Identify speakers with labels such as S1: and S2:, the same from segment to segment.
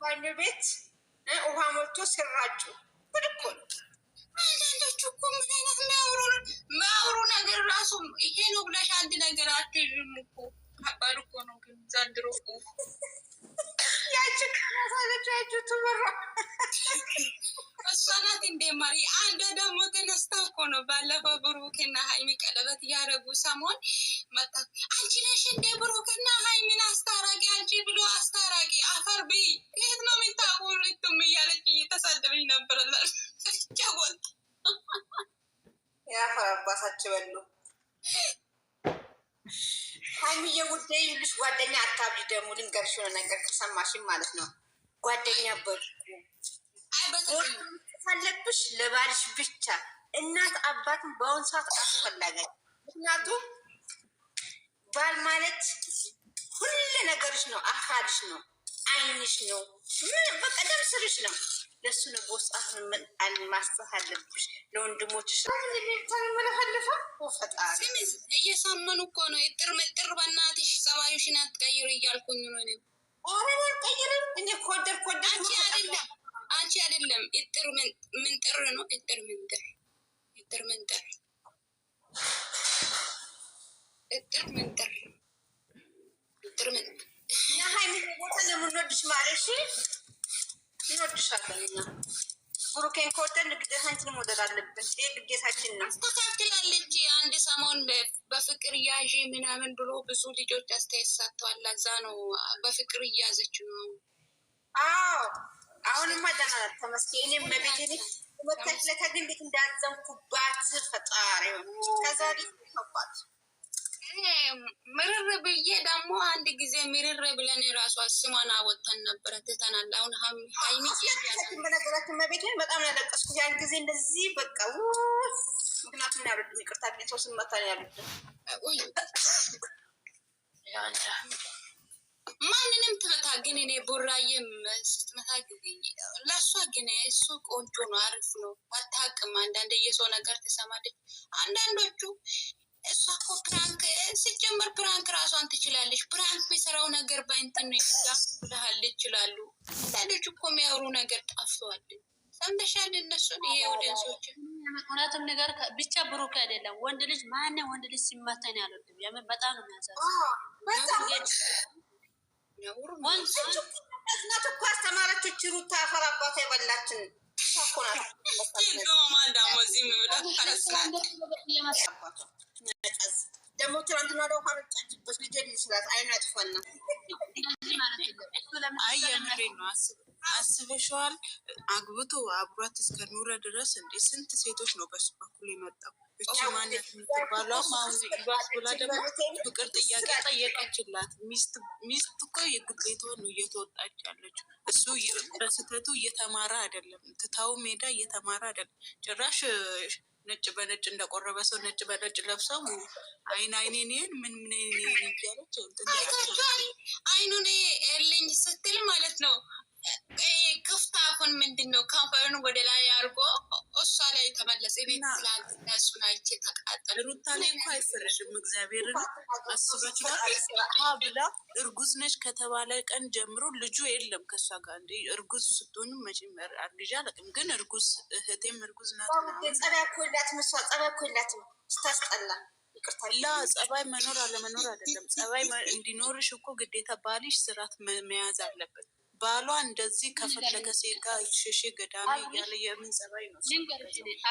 S1: ባሉ ቤት ውሃ ሞልቶ ሲራጩ ብድኮ አንዳንዶቹ እኮ ምን አይነት የሚያወሩ ነገር ራሱ ይሄ ነው ብለሽ አንድ ነገር አትልም እኮ ከባድ እኮ ነው ግን ዘንድሮ ነው። ባለፈው ብሩክና ሀይሚ ቀለበት እያደረጉ ሰሞን መጣ። አንቺ ነሽ እንደ ብሩክና ሀይሚን አስታራቂ አንቺ ብሎ አስታራቂ አፈር ብ ይሄት ነው የሚታወሪቱም እያለች እየተሳደበኝ ነበረላል ጫወል
S2: የአፈር አባሳች በሉ ሀይሚዬ ጉዳይ ይልሽ ጓደኛ አታብድ። ደግሞ ልንገርሽ የሆነ ነገር ከሰማሽም ማለት ነው ጓደኛ በሉ ካለብሽ ለባልሽ ብቻ እናት አባትን በአሁኑ ሰዓት አስፈላጊ ምክንያቱም ባል ማለት ሁሉ ነገርሽ ነው፣ አካልሽ ነው፣ አይንሽ ነው፣ በቃ ደም ስርሽ ነው። ለሱ ነው በውስጣት ማስጠት አለብሽ። ለወንድሞችሽ
S1: ፈጣሪ እየሳመኑ እኮ ነው። ጥር ጥር በእናትሽ ጸባዩሽን አትቀይሩ እያልኩኝ ነው እኔ
S2: ቀይረን እኔ ኮደር ኮደር
S1: አንቺ አይደለም አንቺ አይደለም ጥር ምንጥር ነው ጥር ምንጥር እድር ምንጥር እድር ምንጥር እድር ምንጥር
S2: የሀይሚ ብሩኬን ከወደን ግዴታችንን መውደድ አለብን። ይህ ግዴታችን ነው።
S1: አስተካክላለች። አንድ ሰሞን በፍቅር እያዥ ምናምን ብሎ ብዙ ልጆች አስተያየት ሰጥተዋል። ለዛ ነው በፍቅር እያዘች ነው።
S2: አዎ አሁንማ ደህና ናት። ተመስገን እኔም በቤቴ ወታች ለተግ እንዴት እንዳዘንኩባት ፈጣሪ ከዛሬ ተባት
S1: ምርር ብዬ ደግሞ አንድ ጊዜ ምርር ብለን የራሷ ስሟን አወጥተን ነበረ ትተናል።
S2: አሁን በነገራችን መቤት ላይ በጣም ያለቀስኩ ያን ጊዜ እንደዚህ በቃ ምክንያቱም ያሉት ይቅርታ ቤቶ ስመታን ያሉት
S1: ማንንም ትመታ ግን እኔ ቡራዬም ስትመታ ለእሷ ግን እሱ ቆንጆ ነው፣ አሪፍ ነው። አታውቅም። አንዳንድ የሰው ነገር ትሰማለች። አንዳንዶቹ እሷ እኮ ፕራንክ ሲጀመር ፕራንክ ራሷን ትችላለች። ፕራንክ የሚሰራው ነገር በእንትን ብልሃል ይችላሉ። አንዳንዶቹ እኮ የሚያወሩ ነገር ጠፍተዋል። ሰምተሻል? እነሱን ይሄ ወደንሶች
S2: ሁለቱም ነገር ብቻ ብሩክ አይደለም። ወንድ ልጅ ማን ወንድ ልጅ ሲመተን ያሉት በጣም ነው የሚያሳ እናት እኮ አስተማረች። ሩታ የበላችን ደግሞ ትናንትና ውሃ ልጅ አይኑ
S1: አግብቶ አብሯት ድረስ እንዴ ስንት ሴቶች ነው በሱ በኩል የመጣው እቺ ማነት የምትባለው አሁን ይባስ ብላ ደግሞ ፍቅር ጥያቄ ጠየቀችላት። ሚስት እኮ የግዴታውን ነው እየተወጣች ያለችው። እሱ በስህተቱ እየተማረ አይደለም፣ ትታው ሜዳ እየተማረ አይደለም። ጭራሽ ነጭ በነጭ እንደቆረበ ሰው ነጭ በነጭ ለብሰው አይን አይኔን ምን ምን እያለች
S2: እግዚአብሔርን ብላ እርጉዝ ነች ከተባለ ቀን ጀምሮ ልጁ የለም ከእሷ ጋር። እንደ እርጉዝ ስትሆኑ አርግዣ አላውቅም፣ ግን እርጉዝ እህቴም እርጉዝ ናት። ጸባይ እኮ የላትም እሷ ጸባይ እኮ የላትም ስታስጠላ ላ ጸባይ መኖር አለመኖር አይደለም። ጸባይ እንዲኖርሽ እኮ ግዴታ ባልሽ ስርዓት መያዝ አለበት። ባሏ እንደዚህ ከፈለገ ሴጋ ጋር ሽሽ ገዳሚ እያለ የምን ጸባይ ነው?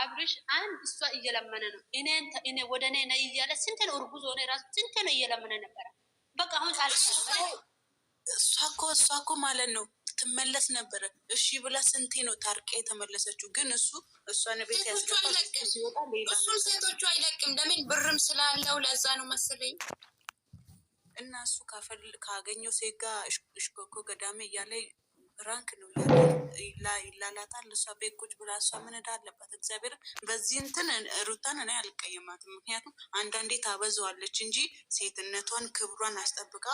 S1: አብርሽ አንድ እሷ እየለመነ ነው፣ እኔ ወደ እኔ ነይ እያለ ስንት ነው እርጉዝ ሆነ ራሱ ስንት ነው እየለመነ ነበረ። በቃ አሁን
S2: እሷ እኮ እሷ እኮ ማለት ነው ትመለስ ነበረ። እሺ ብላ ስንቴ ነው ታርቄ የተመለሰችው? ግን እሱ
S1: እሷን ቤት ያስገባ እሱን ሴቶቹ አይለቅም። ለምን ብርም ስላለው ለዛ ነው መሰለኝ
S2: እና እሱ ካገኘው ሴት ጋ እሽኮኮ ገዳሜ እያለ ራንክ ነው ይላላታል። እሷ ቤት ቁጭ ብላ እሷ ምን አለባት? እግዚአብሔር በዚህ እንትን ሩታን እኔ አልቀየማትም። ምክንያቱም አንዳንዴ ታበዘዋለች እንጂ ሴትነቷን ክብሯን አስጠብቃ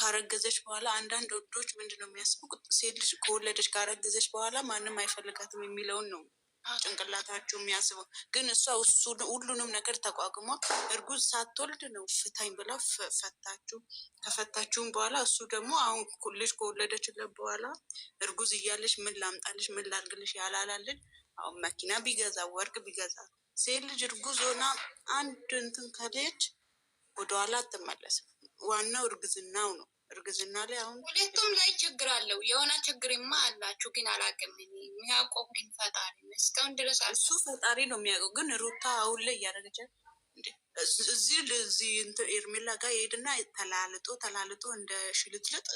S2: ካረገዘች በኋላ አንዳንድ ወዶች ምንድን ነው የሚያስቡ ሴት ልጅ ከወለደች ካረገዘች በኋላ ማንም አይፈልጋትም የሚለውን ነው ጭንቅላታቸው የሚያስበው ግን እሷ እሱ ሁሉንም ነገር ተቋቁሞ እርጉዝ ሳትወልድ ነው ፍታኝ ብላ ፈታችሁ። ከፈታችሁም በኋላ እሱ ደግሞ አሁን ልጅ ከወለደችለት በኋላ እርጉዝ እያለች ምን ላምጣልሽ፣ ምን ላድርግልሽ ያላላልን አሁን መኪና ቢገዛ ወርቅ ቢገዛ ሴት ልጅ እርጉዝ ሆና አንድ እንትን ከሌች ወደኋላ አትመለስም። ዋናው እርግዝናው ነው። እርግዝና ላይ አሁን
S1: ሁለቱም ላይ ችግር አለው። የሆነ ችግርማ አላችሁ፣ ግን አላቅም። የሚያውቀው ግን ፈጣሪ እስካሁን ድረስ
S2: እሱ ፈጣሪ ነው የሚያውቀው። ግን ሩታ አሁን ላይ እያደረገች እዚህ እዚህ ኤርሜላ ጋር ይሄድና ተላልጦ ተላልጦ እንደ ሽልጥልጥ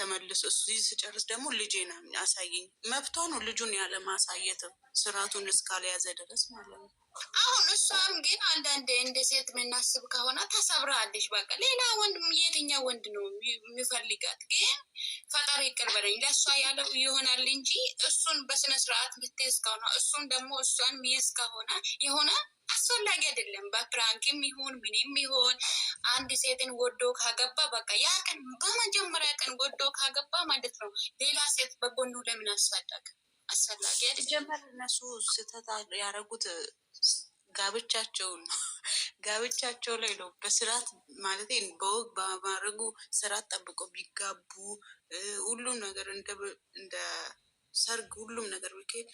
S2: ተመልሶ እዚህ ስጨርስ ደግሞ ልጄ ነው አሳየኝ መብቷ ነው። ልጁን ያለ ማሳየትም ስርዓቱን እስካለያዘ ድረስ ማለት ነው።
S1: አሁን እሷም ግን አንዳንድ እንደ ሴት የምናስብ ከሆነ ተሰብራለች። በቃ ሌላ ወንድ የትኛው ወንድ ነው የሚፈልጋት? ግን ፈጣሪ ይቅር በለኝ ለእሷ ያለው ይሆናል እንጂ እሱን በስነ ስርዓት ምትይዝ ከሆነ እሱን ደግሞ እሷን ሚይዝ ከሆነ የሆነ አስፈላጊ አይደለም። በፕራንክም ይሁን ምንም ይሁን አንድ ሴትን ወዶ ካገባ በቃ ያ ቀን በመጀመሪያ ቀን ወዶ ካገባ ማለት ነው ሌላ ሴት በጎኑ ለምን አስፈለገ? አስፈላጊ
S2: ጀመር እነሱ ስህተት ያደረጉት ጋብቻቸውን ጋብቻቸው ላይ ነው። በስርዓት ማለት በወግ በማድረጉ ስርዓት ጠብቆ ቢጋቡ ሁሉም ነገር እንደ ሰርግ ሁሉም ነገር ቢካሄድ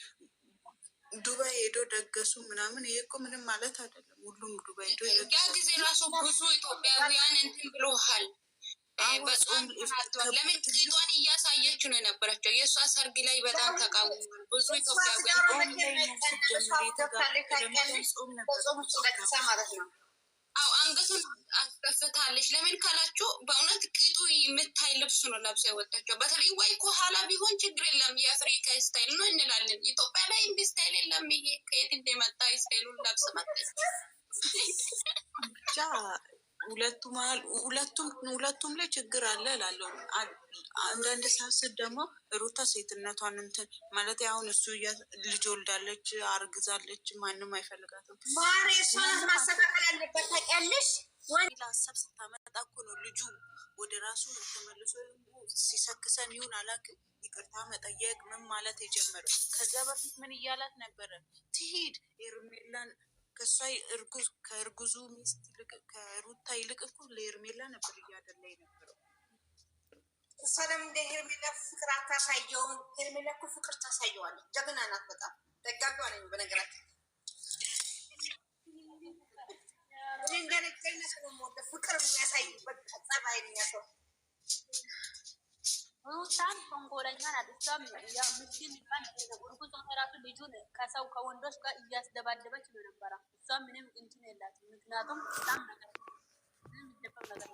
S2: ዱባይ ሄዶ ደገሱ ምናምን። ይሄ እኮ ምንም ማለት አይደለም። ሁሉም ዱባይ ሄዶ
S1: ያ ጊዜ ራሱ ብዙ ኢትዮጵያውያን እንትን ብለሃል በጾም ለምን ቂጧን እያሳየች ነው የነበረችው? የእሷ ሰርግ ላይ በጣም ተቃውሞ ብዙ ኢትዮጵያውያን አው አንገቱን አስከፍታለች። ለምን ካላችሁ በእውነት ቂጡ የምታይ ልብሱ ነው ለብሰው የወጣቸው። በተለይ ወይ ከኋላ ቢሆን ችግር የለም የአፍሪካ ስታይል ነው እንላለን። ኢትዮጵያ ላይ እንዲ ስታይል የለም። ይሄ ከየት እንደመጣ ስታይሉን ለብስ መጠ
S2: ሁለቱ መሀል ሁለቱም ሁለቱም ላይ ችግር አለ እላለሁ። አንዳንድ ሳስብ ደግሞ ሩታ ሴትነቷን እንትን ማለት አሁን እሱ ልጅ ወልዳለች፣ አርግዛለች፣ ማንም አይፈልጋትም።
S1: ማሬ እሷን ማስተካከል ያለበት ታውቂያለሽ።
S2: ሀሳብ ስታመጣ እኮ ነው ልጁ ወደ ራሱ ተመልሶ ሲሰክሰን ይሁን አላውቅም፣ ይቅርታ መጠየቅ ምን ማለት የጀመረው። ከዛ በፊት ምን እያላት ነበረ? ትሂድ ኤርሜላን ከእሷ እርጉዝ ከእርጉዙ ሚስት ይልቅ ከሩታ ይልቅ እኮ ለሄርሜላ ነበር እያደላ የነበረው።
S1: እሷ ደግሞ እንደ ሄርሜላ ፍቅር አታሳየውም። ሄርሜላ እኮ ፍቅር ታሳየዋለች። ጀግና ናት። በጣም ደጋቢ ነኝ። በነገራችን እንደነገነት ሞደ ፍቅር የሚያሳይ በቃ ጸባይ የሚያሰው ሩታን ተንጎለኛ ናት። እሷ ምስኪን ሚባል እርጉዝ ራሱ ልጁን ከሰው ከወንዶች ጋር እያስደባደበች ነው ነበረ። እሷ ምንም እንትን የላት ምክንያቱም በጣም ነገር ነገር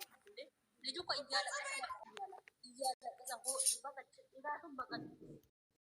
S1: ልጁ እያለቀሰ እያለቀሰ በቃ